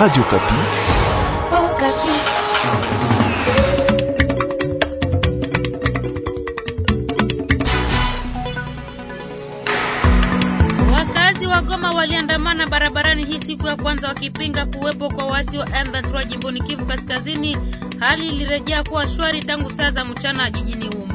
Radio Okapi. Wakazi wa Goma waliandamana barabarani hii siku ya kwanza wakipinga kuwepo kwa waasi wa M23 jimboni Kivu Kaskazini. Hali ilirejea kuwa shwari tangu saa za mchana jijini humo.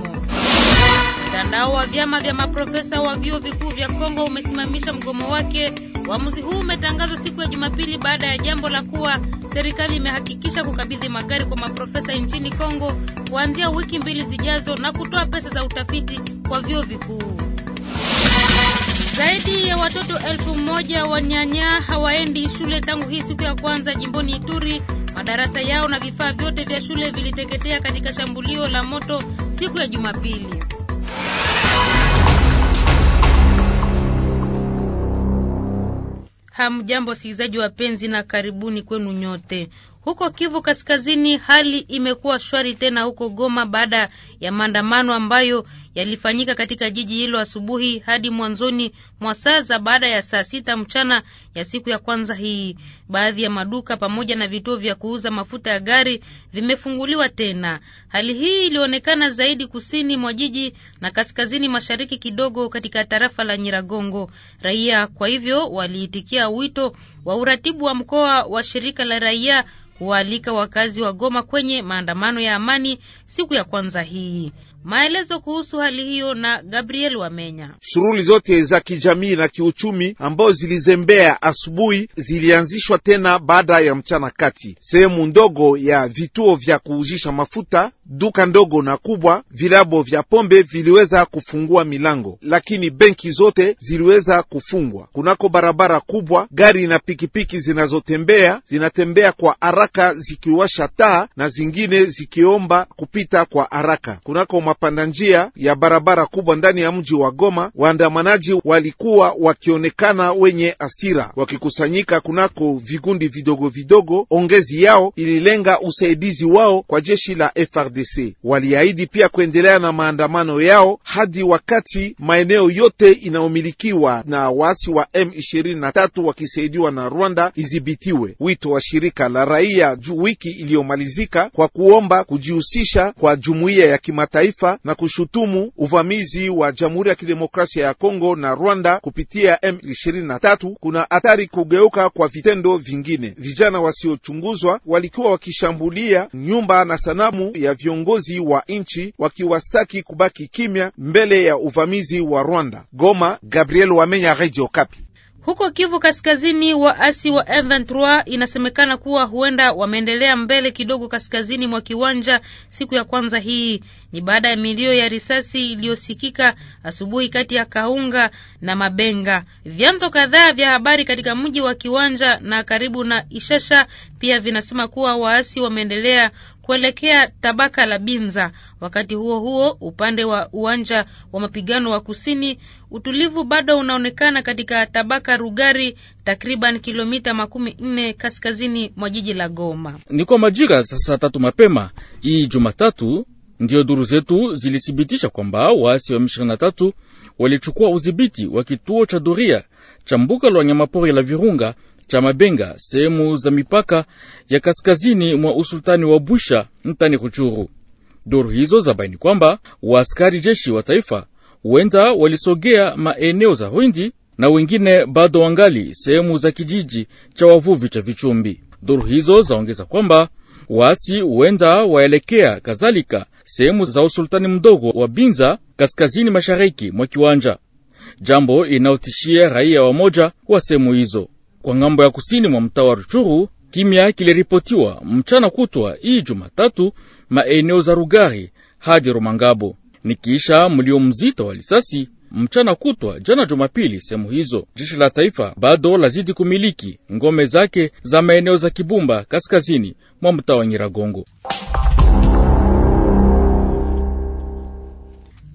Mtandao wa vyama vya maprofesa wa vyuo vikuu vya Kongo umesimamisha mgomo wake. Uamuzi huu umetangazwa siku ya Jumapili baada ya jambo la kuwa serikali imehakikisha kukabidhi magari kwa maprofesa nchini Kongo kuanzia wiki mbili zijazo na kutoa pesa za utafiti kwa vyuo vikuu. Zaidi ya watoto elfu moja nyanya hawaendi shule tangu hii siku ya kwanza jimboni Ituri. Madarasa yao na vifaa vyote vya shule viliteketea katika shambulio la moto siku ya Jumapili. Hamjambo wasikilizaji wapenzi, na karibuni kwenu nyote. Huko Kivu Kaskazini hali imekuwa shwari tena huko Goma baada ya maandamano ambayo yalifanyika katika jiji hilo asubuhi hadi mwanzoni mwa saa za baada ya saa sita mchana ya siku ya kwanza hii. Baadhi ya maduka pamoja na vituo vya kuuza mafuta ya gari vimefunguliwa tena. Hali hii ilionekana zaidi kusini mwa jiji na kaskazini mashariki kidogo katika tarafa la Nyiragongo. Raia kwa hivyo waliitikia wito wa uratibu wa mkoa wa shirika la raia kuwaalika wakazi wa Goma kwenye maandamano ya amani siku ya kwanza hii. Maelezo kuhusu hali hiyo na Gabriel Wamenya. Shughuli zote za kijamii na kiuchumi ambazo zilizembea asubuhi zilianzishwa tena baada ya mchana kati. Sehemu ndogo ya vituo vya kuuzisha mafuta, duka ndogo na kubwa, vilabo vya pombe viliweza kufungua milango, lakini benki zote ziliweza kufungwa. Kunako barabara kubwa, gari na pikipiki zinazotembea zinatembea kwa haraka zikiwasha taa na zingine zikiomba kupita kwa haraka. Kunako mapanda njia ya barabara kubwa ndani ya mji wa Goma, waandamanaji walikuwa wakionekana wenye asira wakikusanyika kunako vikundi vidogo vidogo. Ongezi yao ililenga usaidizi wao kwa jeshi la FRDC. Waliahidi pia kuendelea na maandamano yao hadi wakati maeneo yote inayomilikiwa na waasi wa M23 wakisaidiwa na Rwanda izibitiwe. Wito wa shirika la raia juu wiki iliyomalizika kwa kuomba kujihusisha kwa jumuiya ya kimataifa kimataifa na kushutumu uvamizi wa Jamhuri ya Kidemokrasia ya Kongo na Rwanda kupitia M23 kuna hatari kugeuka kwa vitendo vingine. Vijana wasiochunguzwa walikuwa wakishambulia nyumba na sanamu ya viongozi wa nchi wakiwastaki kubaki kimya mbele ya uvamizi wa Rwanda. Goma, Gabriel Wamenya, Radio Kapi. Huko Kivu Kaskazini, waasi wa M23 inasemekana kuwa huenda wameendelea mbele kidogo kaskazini mwa kiwanja siku ya kwanza. Hii ni baada ya milio ya risasi iliyosikika asubuhi kati ya Kaunga na Mabenga. Vyanzo kadhaa vya habari katika mji wa Kiwanja na karibu na Ishasha pia vinasema kuwa waasi wameendelea kuelekea tabaka la Binza. Wakati huo huo, upande wa uwanja wa mapigano wa kusini, utulivu bado unaonekana katika tabaka Rugari, takriban kilomita makumi nne kaskazini mwa jiji la Goma. Ni kwa majira saa tatu mapema hii Jumatatu ndiyo duru zetu zilithibitisha kwamba waasi wa M23 walichukua udhibiti wa kituo cha doria cha mbuga la wanyamapori la Virunga cha Mabenga, sehemu za mipaka ya kaskazini mwa usultani wa Busha mtani Ruchuru. Duru hizo zabaini kwamba waaskari jeshi wa taifa huenda walisogea maeneo za Rwindi na wengine bado wangali sehemu za kijiji cha wavuvi cha Vichumbi. Duru hizo zaongeza kwamba waasi huenda waelekea kadhalika sehemu za usultani mdogo wa Binza kaskazini mashariki mwa kiwanja, jambo inaotishia raia wamoja wa sehemu hizo. Kwa ngambo ya kusini mwa mtaa wa Ruchuru, kimya kiliripotiwa mchana kutwa hii Jumatatu maeneo za Rugari hadi Rumangabo, nikiisha mlio mzito wa lisasi mchana kutwa jana Jumapili. Sehemu hizo jeshi la taifa bado lazidi kumiliki ngome zake za maeneo za Kibumba, kaskazini mwa mtaa wa Nyiragongo.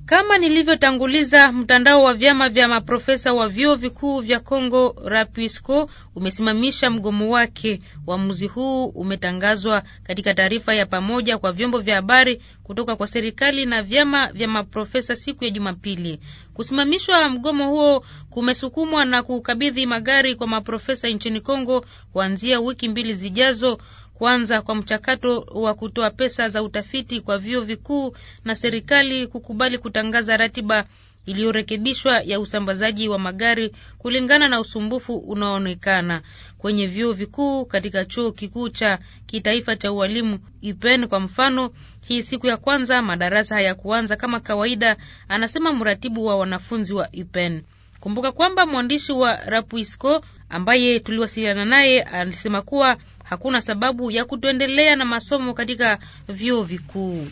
Kama nilivyotanguliza, mtandao wa vyama vya maprofesa wa vyuo vikuu vya Kongo Rapisco umesimamisha mgomo wake. Uamuzi huu umetangazwa katika taarifa ya pamoja kwa vyombo vya habari kutoka kwa serikali na vyama vya maprofesa siku ya Jumapili. Kusimamishwa mgomo huo kumesukumwa na kukabidhi magari kwa maprofesa nchini Kongo kuanzia wiki mbili zijazo kuanza kwa mchakato wa kutoa pesa za utafiti kwa vyuo vikuu na serikali kukubali kutangaza ratiba iliyorekebishwa ya usambazaji wa magari kulingana na usumbufu unaoonekana kwenye vyuo vikuu. Katika chuo kikuu cha kitaifa cha ualimu UPEN kwa mfano, hii siku ya kwanza madarasa hayakuanza kama kawaida, anasema mratibu wa wanafunzi wa UPEN. Kumbuka kwamba mwandishi wa Rapuisco ambaye tuliwasiliana naye alisema kuwa hakuna sababu ya kutoendelea na masomo katika vyuo vikuu.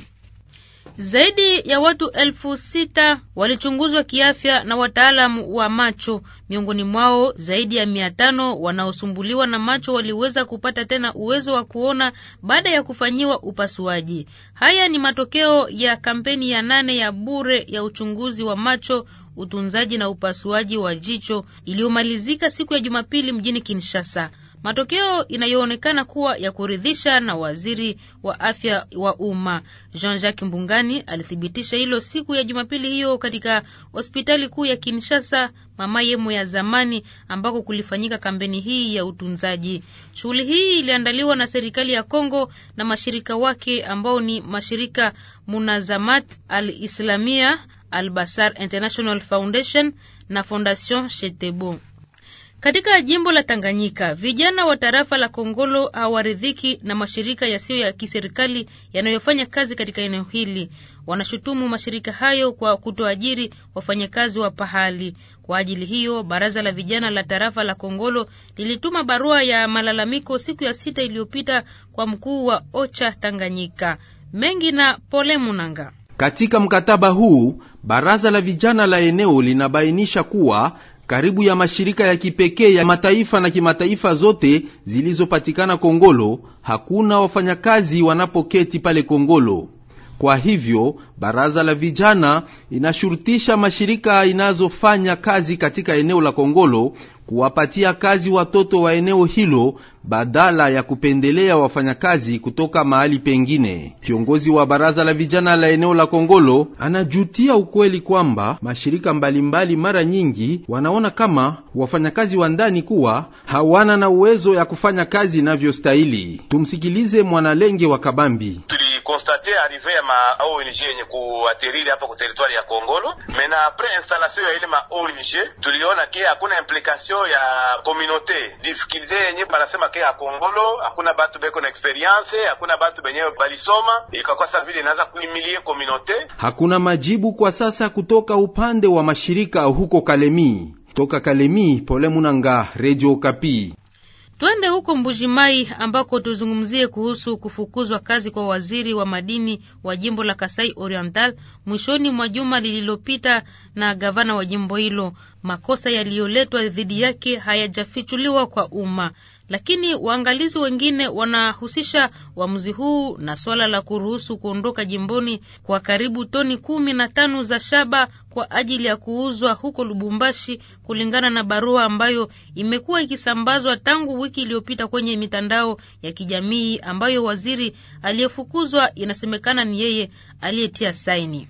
Zaidi ya watu elfu sita walichunguzwa kiafya na wataalamu wa macho. Miongoni mwao zaidi ya mia tano wanaosumbuliwa na macho waliweza kupata tena uwezo wa kuona baada ya kufanyiwa upasuaji. Haya ni matokeo ya kampeni ya nane ya bure ya uchunguzi wa macho, utunzaji na upasuaji wa jicho iliyomalizika siku ya Jumapili mjini Kinshasa matokeo inayoonekana kuwa ya kuridhisha. Na waziri wa afya wa umma Jean-Jacques Mbungani alithibitisha hilo siku ya Jumapili hiyo katika hospitali kuu ya Kinshasa Mama Yemo ya zamani ambako kulifanyika kampeni hii ya utunzaji. Shughuli hii iliandaliwa na serikali ya Kongo na mashirika wake ambao ni mashirika Munazamat Al-Islamia, Al-Basar International Foundation na Fondation chetebo katika jimbo la Tanganyika, vijana wa tarafa la Kongolo hawaridhiki na mashirika yasiyo ya kiserikali yanayofanya kazi katika eneo hili. Wanashutumu mashirika hayo kwa kutoajiri wafanyakazi wa pahali. Kwa ajili hiyo, baraza la vijana la tarafa la Kongolo lilituma barua ya malalamiko siku ya sita iliyopita kwa mkuu wa OCHA Tanganyika. Mengi na Pole Munanga. Katika mkataba huu, baraza la vijana la eneo linabainisha kuwa karibu ya mashirika ya kipekee ya mataifa na kimataifa zote zilizopatikana Kongolo, hakuna wafanyakazi wanapoketi pale Kongolo. Kwa hivyo baraza la vijana inashurutisha mashirika inazofanya kazi katika eneo la Kongolo kuwapatia kazi watoto wa eneo hilo badala ya kupendelea wafanyakazi kutoka mahali pengine. Kiongozi wa baraza la vijana la eneo la Kongolo anajutia ukweli kwamba mashirika mbalimbali mara nyingi wanaona kama wafanyakazi wa ndani kuwa hawana na uwezo ya kufanya kazi inavyostahili. Tumsikilize Mwanalenge wa Kabambi. ya ma ONG yenye kuaterili hapa ya Kongolo installation ya ile ma ONG tuliona ke hakuna implication formation ya communauté. Difficulté yenye banasema ke ya Kongolo hakuna batu beko na experience, hakuna batu benye balisoma, ikakosa vile inaanza kuimilie communauté. Hakuna majibu kwa sasa kutoka upande wa mashirika huko Kalemi. Toka Kalemi, Pole Munanga, Radio Kapi. Twende huko Mbujimai ambako tuzungumzie kuhusu kufukuzwa kazi kwa waziri wa madini wa jimbo la Kasai Oriental mwishoni mwa juma lililopita na gavana wa jimbo hilo. Makosa yaliyoletwa dhidi yake hayajafichuliwa kwa umma lakini waangalizi wengine wanahusisha uamuzi huu na swala la kuruhusu kuondoka jimboni kwa karibu toni kumi na tano za shaba kwa ajili ya kuuzwa huko Lubumbashi, kulingana na barua ambayo imekuwa ikisambazwa tangu wiki iliyopita kwenye mitandao ya kijamii ambayo waziri aliyefukuzwa inasemekana ni yeye aliyetia saini.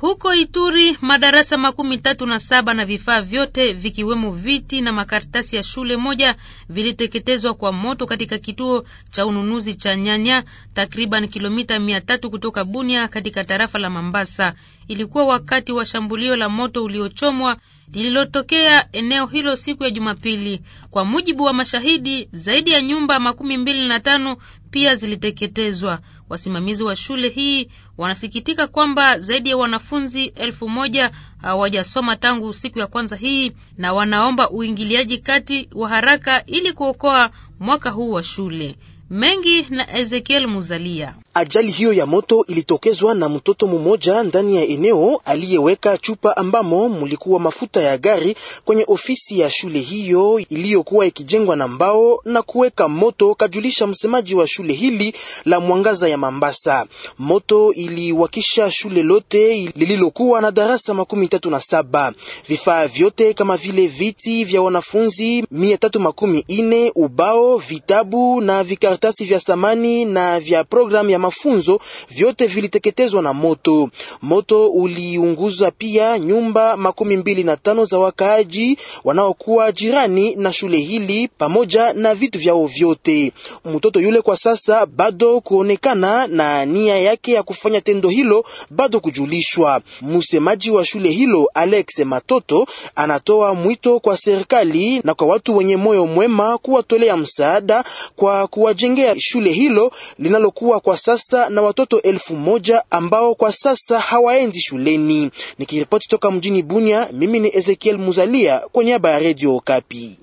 Huko Ituri madarasa makumi tatu na saba na vifaa vyote vikiwemo viti na makaratasi ya shule moja viliteketezwa kwa moto katika kituo cha ununuzi cha Nyanya, takriban kilomita mia tatu kutoka Bunia katika tarafa la Mambasa. Ilikuwa wakati wa shambulio la moto uliochomwa lililotokea eneo hilo siku ya Jumapili. Kwa mujibu wa mashahidi, zaidi ya nyumba makumi mbili na tano pia ziliteketezwa. Wasimamizi wa shule hii wanasikitika kwamba zaidi ya wanafunzi elfu moja hawajasoma tangu siku ya kwanza hii, na wanaomba uingiliaji kati wa haraka ili kuokoa mwaka huu wa shule. Mengi na Ezekiel Muzalia. Ajali hiyo ya moto ilitokezwa na mtoto mmoja ndani ya eneo aliyeweka chupa ambamo mlikuwa mafuta ya gari kwenye ofisi ya shule hiyo iliyokuwa ikijengwa na mbao na kuweka moto, kajulisha msemaji wa shule hili la Mwangaza ya Mambasa. Moto iliwakisha shule lote lililokuwa na darasa makumi tatu na saba. Vifaa vyote kama vile viti vya wanafunzi mia tatu makumi ine, ubao, vitabu na vikaratasi vya samani na vya programu ya mafunzo vyote viliteketezwa na moto. Moto uliunguza pia nyumba makumi mbili na tano za wakaaji wanaokuwa jirani na shule hili pamoja na vitu vyao vyote. Mtoto yule kwa sasa bado kuonekana na nia yake ya kufanya tendo hilo bado kujulishwa. Msemaji wa shule hilo Alex Matoto anatoa mwito kwa serikali na kwa watu wenye moyo mwema kuwatolea msaada kwa kuwajengea shule hilo linalokuwa kwa sasa sasa na watoto elfu moja ambao kwa sasa hawaendi shuleni. Nikiripoti toka mjini Bunia, mimi ni Ezekiel Muzalia kwa niaba ya Radio Okapi.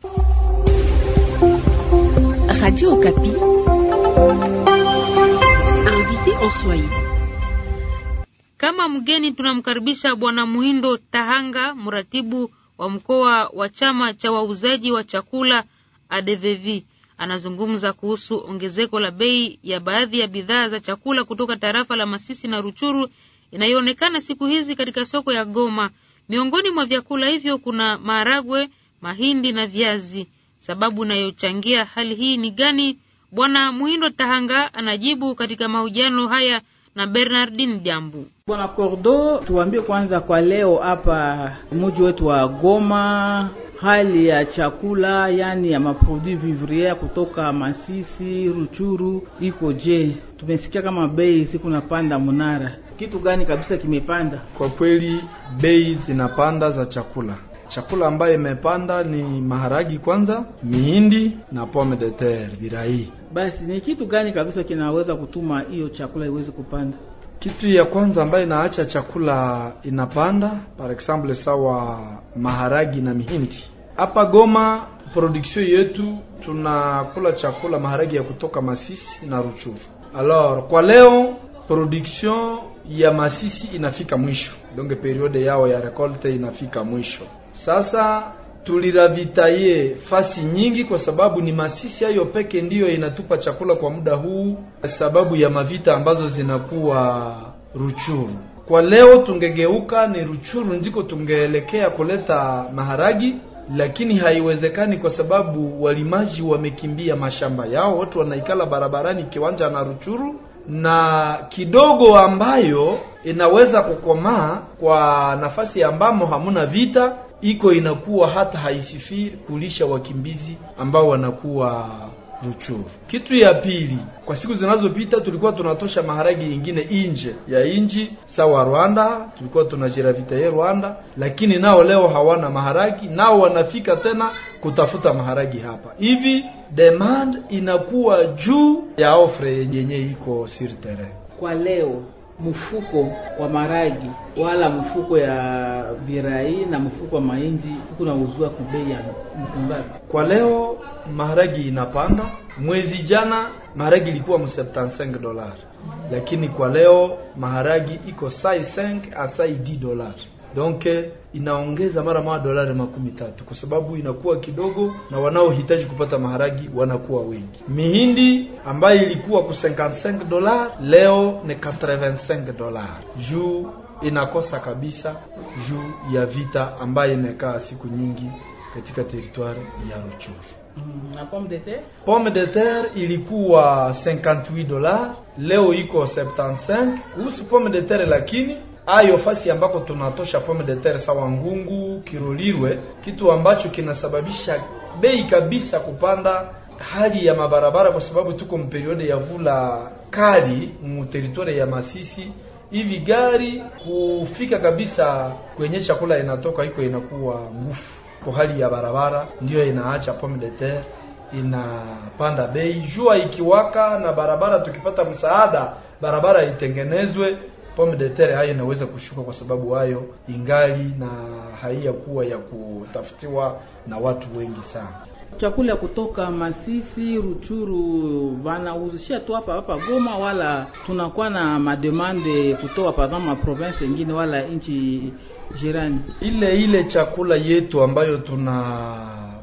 Radio Okapi. Kama mgeni tunamkaribisha Bwana Muhindo Tahanga, mratibu wa mkoa wa chama cha wauzaji wa chakula ADVV anazungumza kuhusu ongezeko la bei ya baadhi ya bidhaa za chakula kutoka tarafa la Masisi na Ruchuru inayoonekana siku hizi katika soko ya Goma. Miongoni mwa vyakula hivyo kuna maharagwe, mahindi na viazi. Sababu inayochangia hali hii ni gani? Bwana Muhindo Tahanga anajibu katika mahojiano haya na Bernardin Jambu. Bwana Cordo, tuambie kwanza kwa leo hapa mji wetu wa Goma hali ya chakula yani ya maproduit vivrier kutoka Masisi, Ruchuru iko je? Tumesikia kama bei siku napanda Munara, kitu gani kabisa kimepanda? Kwa kweli bei zinapanda za chakula chakula ambayo imepanda ni maharagi kwanza, mihindi na pomme de terre, birai. Basi ni kitu gani kabisa kinaweza kutuma hiyo chakula iweze kupanda? Kitu ya kwanza ambayo inaacha chakula inapanda, par example, sawa maharagi na mihindi hapa Goma production yetu tunakula chakula maharagi ya kutoka Masisi na Ruchuru. Alors kwa leo production ya Masisi inafika mwisho, donge periode yao ya recolte inafika mwisho. Sasa tuliravitaye fasi nyingi, kwa sababu ni Masisi hayo peke ndiyo inatupa chakula kwa muda huu, sababu ya mavita ambazo zinakuwa Ruchuru. Kwa leo tungegeuka, ni Ruchuru ndiko tungeelekea kuleta maharagi lakini haiwezekani kwa sababu walimaji wamekimbia mashamba yao, watu wanaikala barabarani, kiwanja na Ruchuru, na kidogo ambayo inaweza kukomaa kwa nafasi ambamo hamuna vita, iko inakuwa hata haisifii kulisha wakimbizi ambao wanakuwa Ruchuru. Kitu ya pili, kwa siku zinazopita tulikuwa tunatosha maharagi yingine nje ya inji sawa Rwanda, tulikuwa tunajira vita ya Rwanda, lakini nao leo hawana maharagi, nao wanafika tena kutafuta maharagi hapa. Hivi demand inakuwa juu ya ofre yenye iko sur terrain. Kwa leo mfuko wa maragi wala mfuko ya birai na mfuko wa mahindi kunauzwa kwa bei ya mkungapi? Kwa leo maharagi inapanda. Mwezi jana maharagi ilikuwa mu 75 dollars, lakini kwa leo maharagi iko sai 5 a sai 10 dollars donc inaongeza mara moja dolari makumi tatu kwa sababu inakuwa kidogo na wanaohitaji kupata maharagi wanakuwa wengi. Mihindi ambayo ilikuwa ku 55 dola leo ni 85 dola juu inakosa kabisa juu ya vita ambayo imekaa siku nyingi katika teritwari ya Ruchuru. Mm, na pomme de terre, pomme de terre ilikuwa 58 dola leo iko 75 kuhusu pomme de terre lakini ayo fasi ambako tunatosha pomme de terre sawa Ngungu, Kirolirwe, kitu ambacho kinasababisha bei kabisa kupanda hali ya mabarabara, kwa sababu tuko mperiode ya vula kali mu territoire ya Masisi hivi gari kufika kabisa kwenye chakula inatoka iko inakuwa ngufu kwa hali ya barabara, ndiyo inaacha pomme de terre inapanda bei. Jua ikiwaka na barabara, tukipata msaada barabara itengenezwe pombe de terre hayo inaweza kushuka kwa sababu hayo ingali na haiyakuwa ya kutafutiwa na watu wengi sana. Chakula kutoka Masisi, Ruchuru banauzishia tu hapa hapa Goma, wala tunakuwa na mademande kutoa pazama province nyingine wala nchi jirani, ile ile chakula yetu ambayo tuna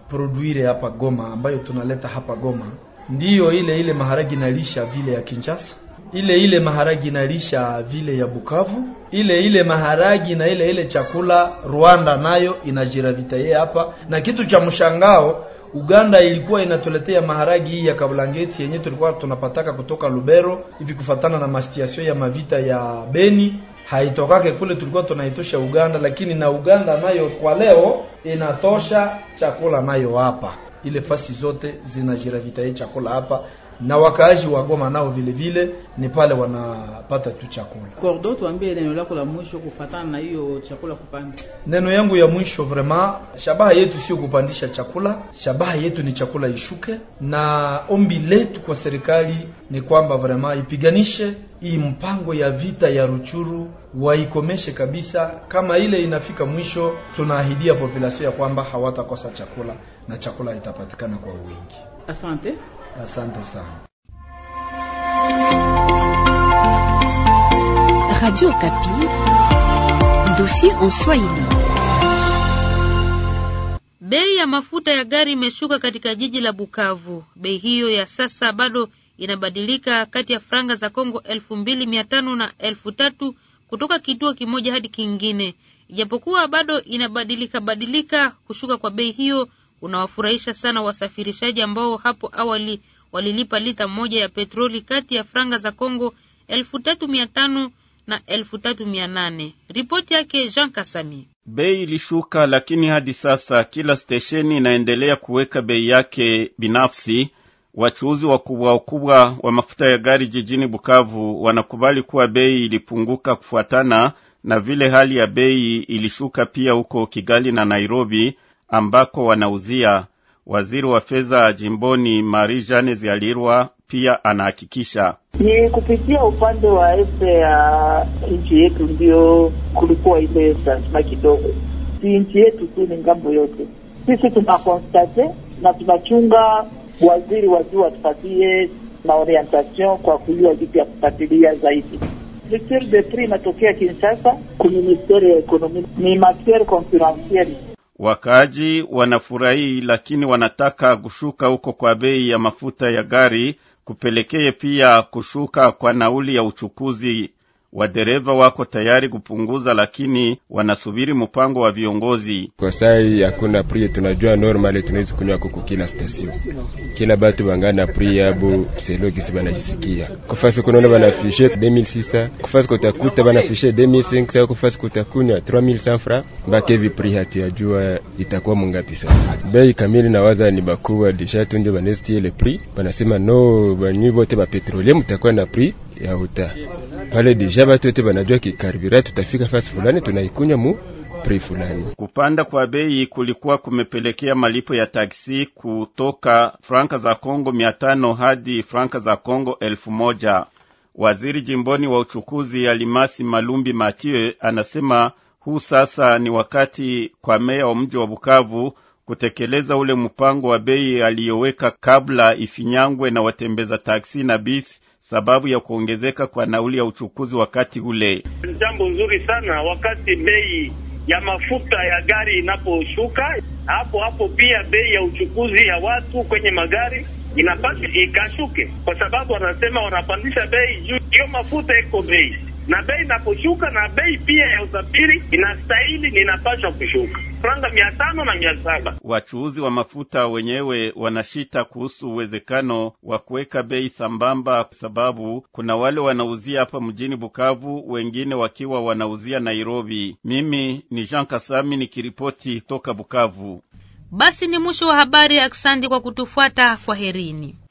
produire hapa Goma, ambayo tunaleta hapa Goma, ndiyo ile ile maharagi na lisha vile ya Kinshasa ile ile maharagi inalisha vile ya Bukavu, ile ile maharagi na ile ile chakula Rwanda nayo inajiravitaye hapa. Na kitu cha mshangao, Uganda ilikuwa inatuletea maharagi hii ya kablangeti yenye tulikuwa tunapataka kutoka Lubero hivi, kufatana na mastiasio ya mavita ya Beni haitokake kule tulikuwa tunaitosha Uganda, lakini na Uganda nayo kwa leo inatosha chakula nayo hapa ile fasi zote zinajiravitaye chakula hapa, na wakaaji wa Goma nao vile vile ni pale wanapata tu chakula. Kordo, tuambie neno lako la mwisho kufatana na hiyo chakula kupanda. Neno yangu ya mwisho vraiment, shabaha yetu sio kupandisha chakula, shabaha yetu ni chakula ishuke, na ombi letu kwa serikali ni kwamba vraiment ipiganishe hii mpango ya vita ya Ruchuru waikomeshe kabisa. Kama ile inafika mwisho, tunaahidia population ya kwamba hawatakosa chakula na chakula itapatikana kwa wingi. Asante. Asante sana. Radio Kapi, dossier en Swahili. Bei ya mafuta ya gari imeshuka katika jiji la Bukavu. Bei hiyo ya sasa bado inabadilika kati ya franga za Kongo 2500 na 3000 kutoka kituo kimoja hadi kingine. Ijapokuwa bado inabadilika badilika, kushuka kwa bei hiyo unawafurahisha sana wasafirishaji ambao hapo awali walilipa lita moja ya petroli kati ya franga za Kongo elfu tatu mia tano na elfu tatu mia nane. Ripoti yake Jean Kasami. Bei ilishuka, lakini hadi sasa kila stesheni inaendelea kuweka bei yake binafsi. Wachuuzi wakubwa wakubwa wa mafuta ya gari jijini Bukavu wanakubali kuwa bei ilipunguka kufuatana na vile hali ya bei ilishuka pia huko Kigali na Nairobi ambako wanauzia. Waziri wa fedha jimboni Marie Jeanne Zialirwa pia anahakikisha ni kupitia upande wa este ya nchi yetu, ndio kulikuwa ile tasima kidogo, si nchi yetu tu, ni ngambo yote. Sisi tunakonstate na tunachunga, waziri wajuu watupatie maorientation kwa kujua vipi ya kufuatilia zaidi. Misteri de prix inatokea Kinshasa ku ministeri ya ekonomi, ni matiere confidentielle Wakaaji wanafurahi, lakini wanataka kushuka huko kwa bei ya mafuta ya gari kupelekee pia kushuka kwa nauli ya uchukuzi Wadereva wako tayari kupunguza, lakini wanasubiri mpango wa viongozi. Kwa sai hakuna pri, tunajua normali tunaweza kunywa kuku kila station, kila batu bangana pri abu selo kisi banajisikia kufasi kunaona banafishe 2600 kufasi kutakuta banafishe 2500 kufasi kutakunya 3000 francs bakevi pri hati jua itakuwa mungapi. Sasa bei kamili na waza ni bakuwa dishatu ndio banesti ile pri banasema no banyi bote ba petrole mtakuwa na pri ya uta pale. Deja batu yote banajua kikaribira, tutafika fasi fulani tunaikunya mu Fulani. Kupanda kwa bei kulikuwa kumepelekea malipo ya taksi kutoka franka za Kongo mia tano hadi franka za Kongo elfu moja. Waziri jimboni wa uchukuzi Alimasi Malumbi Matie anasema huu sasa ni wakati kwa meya wa mji wa Bukavu kutekeleza ule mpango wa bei aliyoweka kabla ifinyangwe na watembeza taksi na bisi sababu ya kuongezeka kwa nauli ya uchukuzi wakati ule. Ni jambo nzuri sana wakati bei ya mafuta ya gari inaposhuka, hapo hapo pia bei ya uchukuzi ya watu kwenye magari inapasi ikashuke, kwa sababu wanasema wanapandisha bei juu, hiyo mafuta iko bei na bei inaposhuka, na bei pia ya usafiri inastahili ninapashwa kushuka franga mia tano na mia saba. Wachuuzi wa mafuta wenyewe wanashita kuhusu uwezekano wa kuweka bei sambamba, kwa sababu kuna wale wanauzia hapa mjini Bukavu, wengine wakiwa wanauzia Nairobi. Mimi ni Jean Kasami nikiripoti toka Bukavu. Basi ni mwisho wa habari. Aksandi kwa kutufuata, kwaherini.